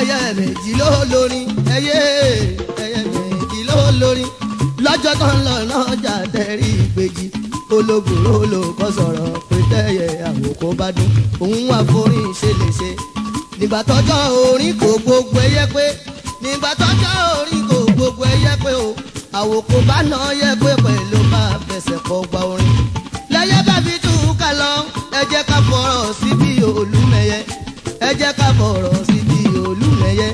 ẹyẹ méjì ló lórin ẹyẹ ẹyẹ méjì ló lórin lọ́jọ́ tó ń lọ lọ́jà tẹ̀rí ìgbèjì ológun ló lò kọ́ sọ̀rọ̀ pé tẹ́yẹ àwòkọ́ bá dún òun wà forin ṣe lè ṣe nígbà tọ́jọ́ orin kò gbogbo ẹyẹ pé nígbà tọ́jọ́ orin kò gbogbo ẹyẹ pé o àwòkọ́ bá nà yẹ pé pẹ̀lú máa fẹsẹ̀ kọ́ gba orin lẹ́yẹ bá tú ká lọ ẹ jẹ́ ká fọ̀rọ̀ síbi olúmẹyẹ ẹ jẹ́ ká fọ̀rọ̀ ẹyẹ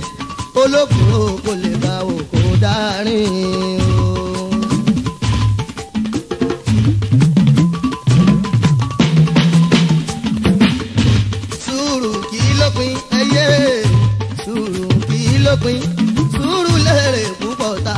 olókùn o kò lè bá òkò dárin o. sùúrù kì í lópin ẹyẹ sùúrù kì í lópin sùúrù lérè púpọ̀ tá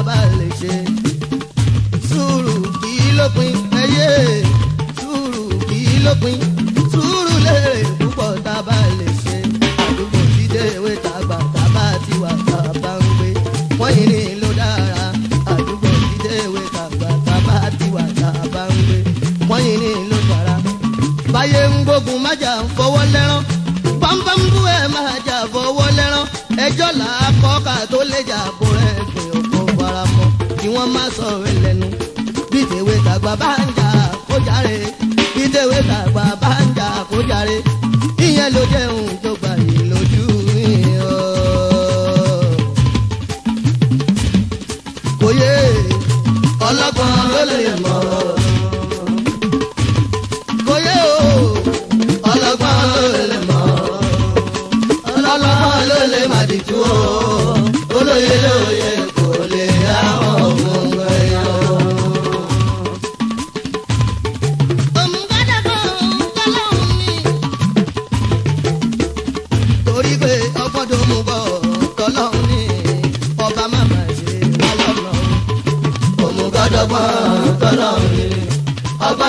bye.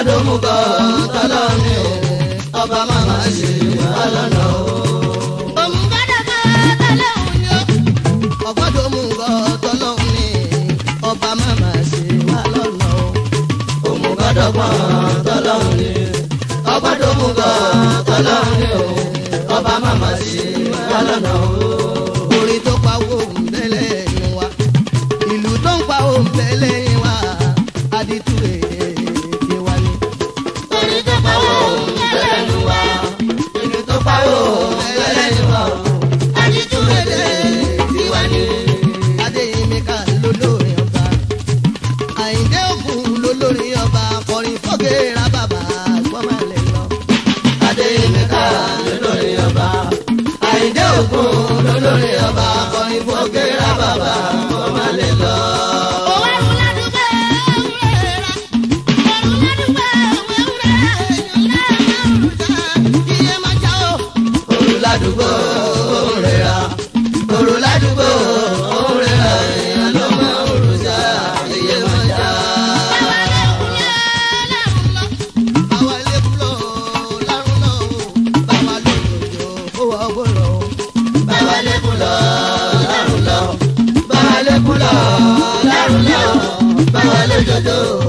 ládòmúgọ̀ tọ́lọ́ mi ò ọba màmá ṣe wàhálà náà o. ọgbọ́n tọ́lọ́hún ni ọgbọ́n tó mú gan tọ́lọ́hún ni o ọba màmá sí wà lọ́nà o. do.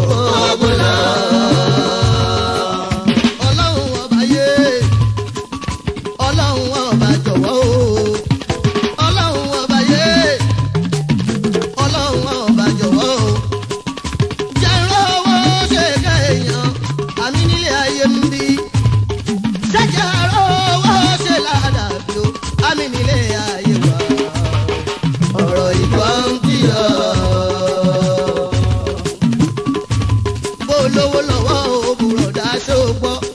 tó what?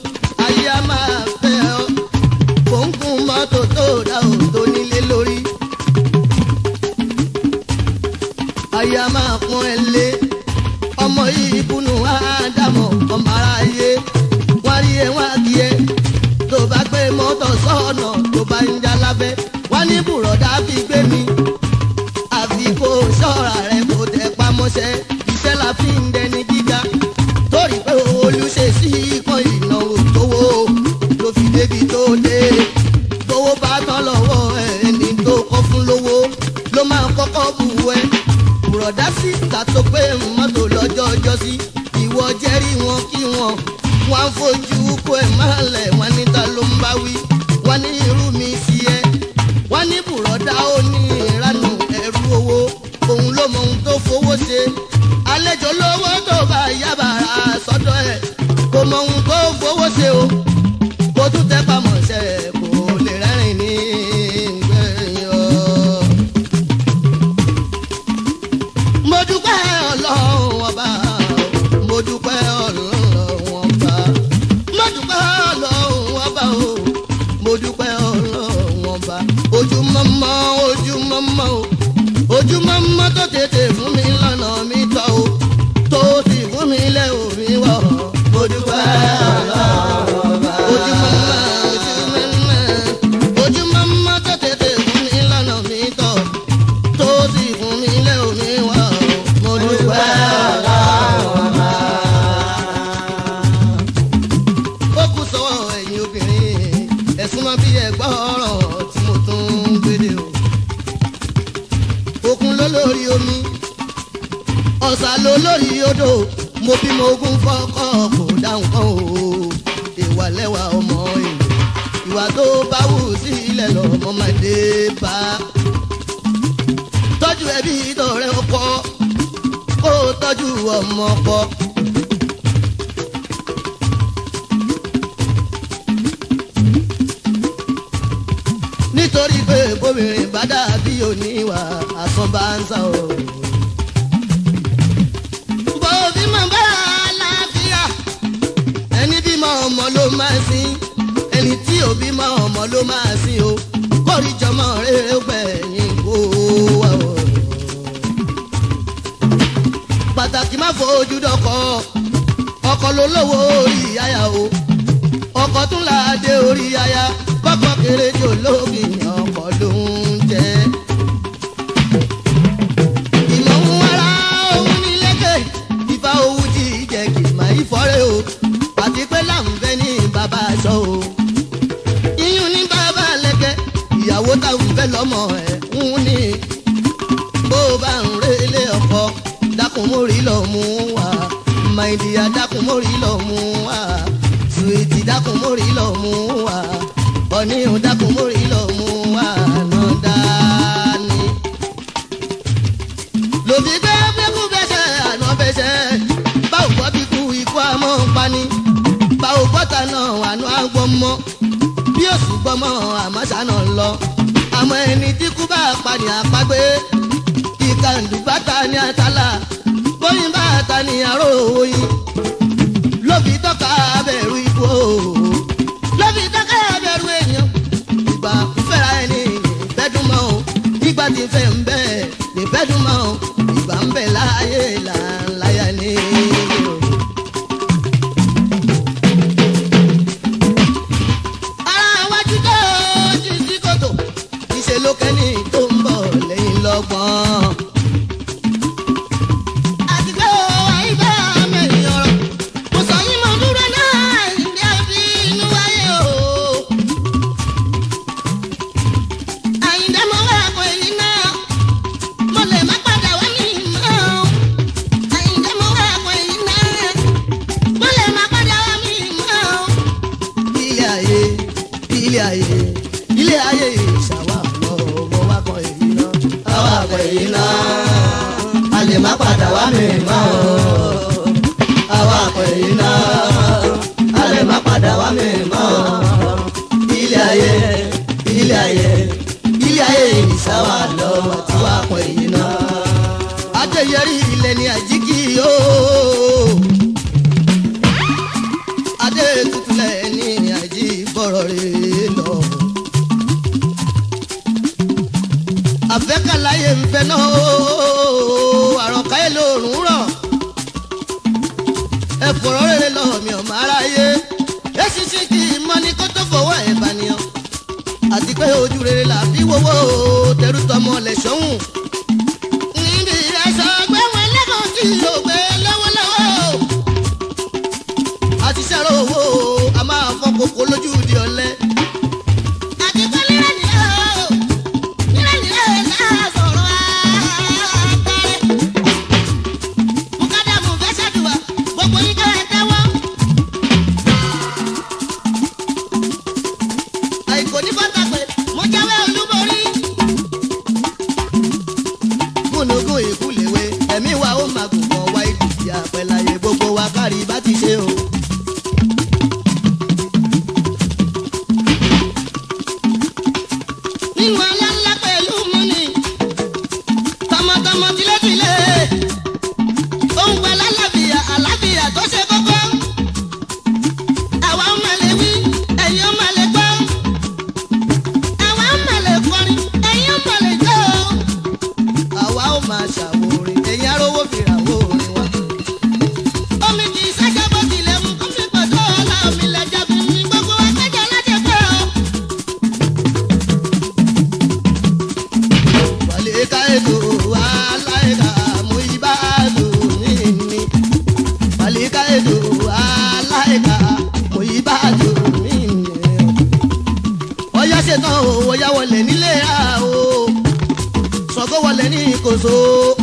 bí tọrẹ ọkọ kó tọ́jú ọmọ ọkọ. nítorí pé bóbìnrin bá dàbí oníwà àsanbáńsá o. bòbí mọ̀ bá àlàáfíà ẹni bímọ ọmọ ló máa sìn ẹni tí òbí mọ ọmọ ló máa sìn o kórìjọmọ rere pẹ̀lú. fojú dọ́kọ ọkọ ló lówó orí aya o ọkọ tún láàdé orí aya kọ́kọ́ kéré jò dákun mórí lọ mú wa my dear dákun mórí lọ mú wa sweet dákun mórí lọ mú wa ọ̀nìyàn dákun mórí lọ mú wa nọ́dá ni. lòdì pé fẹ́kù bẹ́sẹ̀ àná bẹ́sẹ̀ báwo gbọ́ bí kú ikú àmọ́ ń pani báwo gbọ́ta náà àná àgbọ̀ mọ́ bí òsùn gbọ́mọ àmọ́ sànà ń lọ àmọ́ ẹni tí kú bá pa àpagbé ìkàndùbátà ní àtàlà lóyún bá ta nìyàrá o. pé ojú rere là fi wọ́wọ́ o tẹrú tọmọ lẹ̀ sọ́hùn.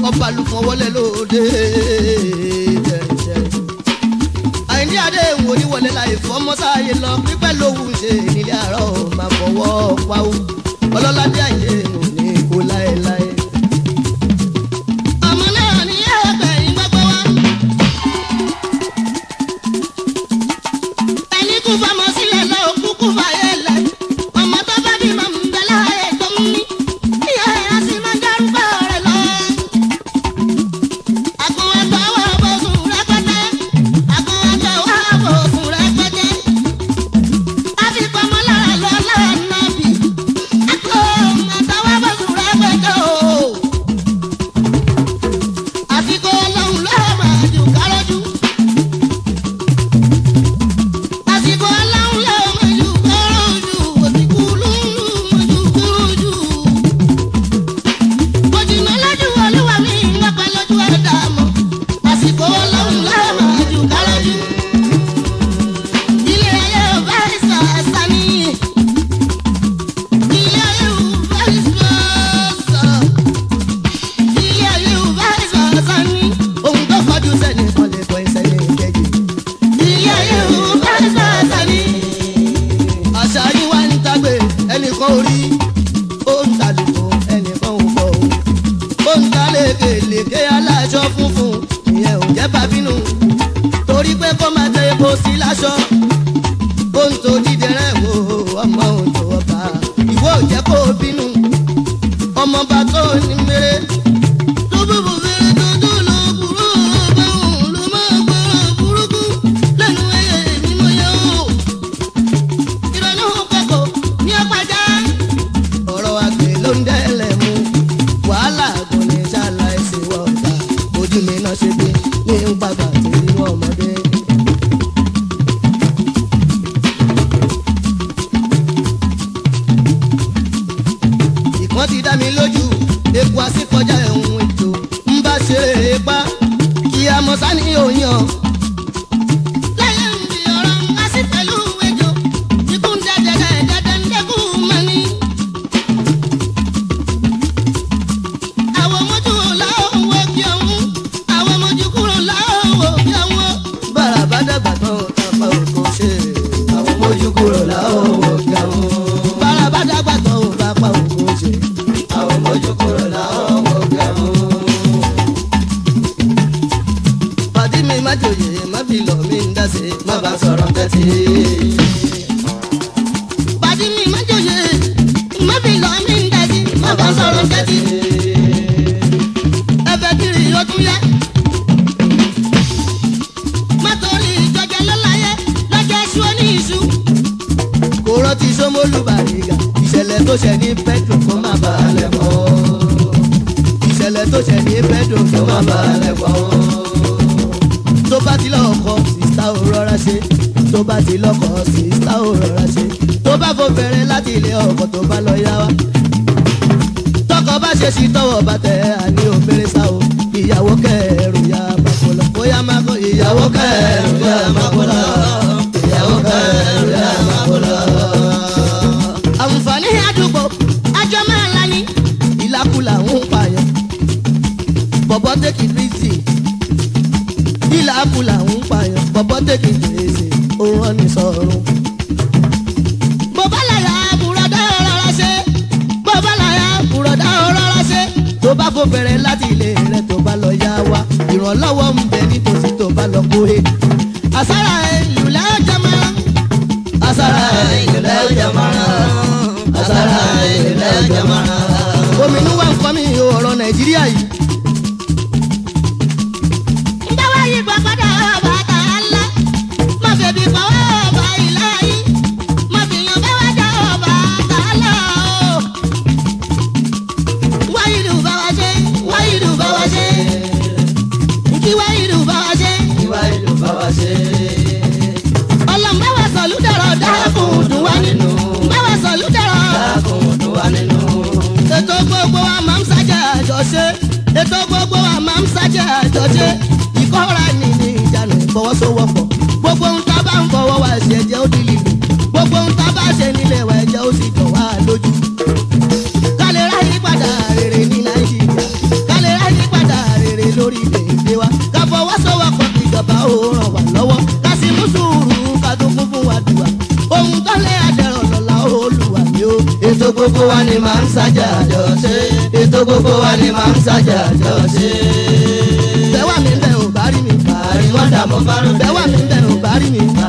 ọba àlùfọwọlẹ lóde tẹrẹtẹrẹ àìní adé wò ní wọlé láì fọmọsáyé lọ pípẹ́ lówùú ṣe nílé àárọ̀ máa fọwọ́ pa ó ọlọ́ládé àyè. aṣọ ó ń torí dẹrẹ́ wò ọmọ òjò ọba ìwọ ò jẹ́ kó bínú ọmọọba tó ní mèrè. kó má bàa lẹ̀ pọ̀ o. ìṣẹ̀lẹ̀ tó ṣẹlẹ̀ bẹ́ẹ̀dùn kó má bàa lẹ̀ pọ̀ o. tó bá ti lọ́kọ sísá ò rọra ṣe tó bá ti lọ́kọ sísá ò rọra ṣe tó bá fò bẹ̀rẹ̀ láti ilé ọkọ tó bá lọ yá wa. tọkọ bá ṣe sí tọwọ́ bàtẹ àní òmèrè sá o ìyàwó kẹrù yá máa kó lọ bóyá máa kó ìyàwó kẹrù yá máa kó lọ. ń take it easy. rìsì ìlà àpùlà ń pààyàn bọ̀bọ̀ tẹ́kì rìsì òun ọ̀nì sọ̀rọ̀. bọ̀bá làyà àbùrọ̀dá ọ̀rọ̀ra ṣe bọ̀bá làyà àbùrọ̀dá ọ̀rọ̀ra ṣe tó bá fò bẹ̀rẹ̀ láti ilé rẹ̀ tó bá lọ yá wa ìrànlọ́wọ́ ń bẹ nítòsí tó bá lọ kóhe. àsárà ìlú lẹ́yìn jẹ́ mọ́ àsárà ìlú lẹ́yìn jẹ́ mọ́ àsárà ìlú lẹ́yìn jẹ́ mọ́ fámì ọ̀rọ̀ nàìjíríà yìí sàjà jọ ṣe. bẹ́wà mi bẹ́ẹ̀ ò bá rí mi. àríwọ́dà mo bá rò. bẹ́wà mi bẹ́ẹ̀ ò bá rí mi.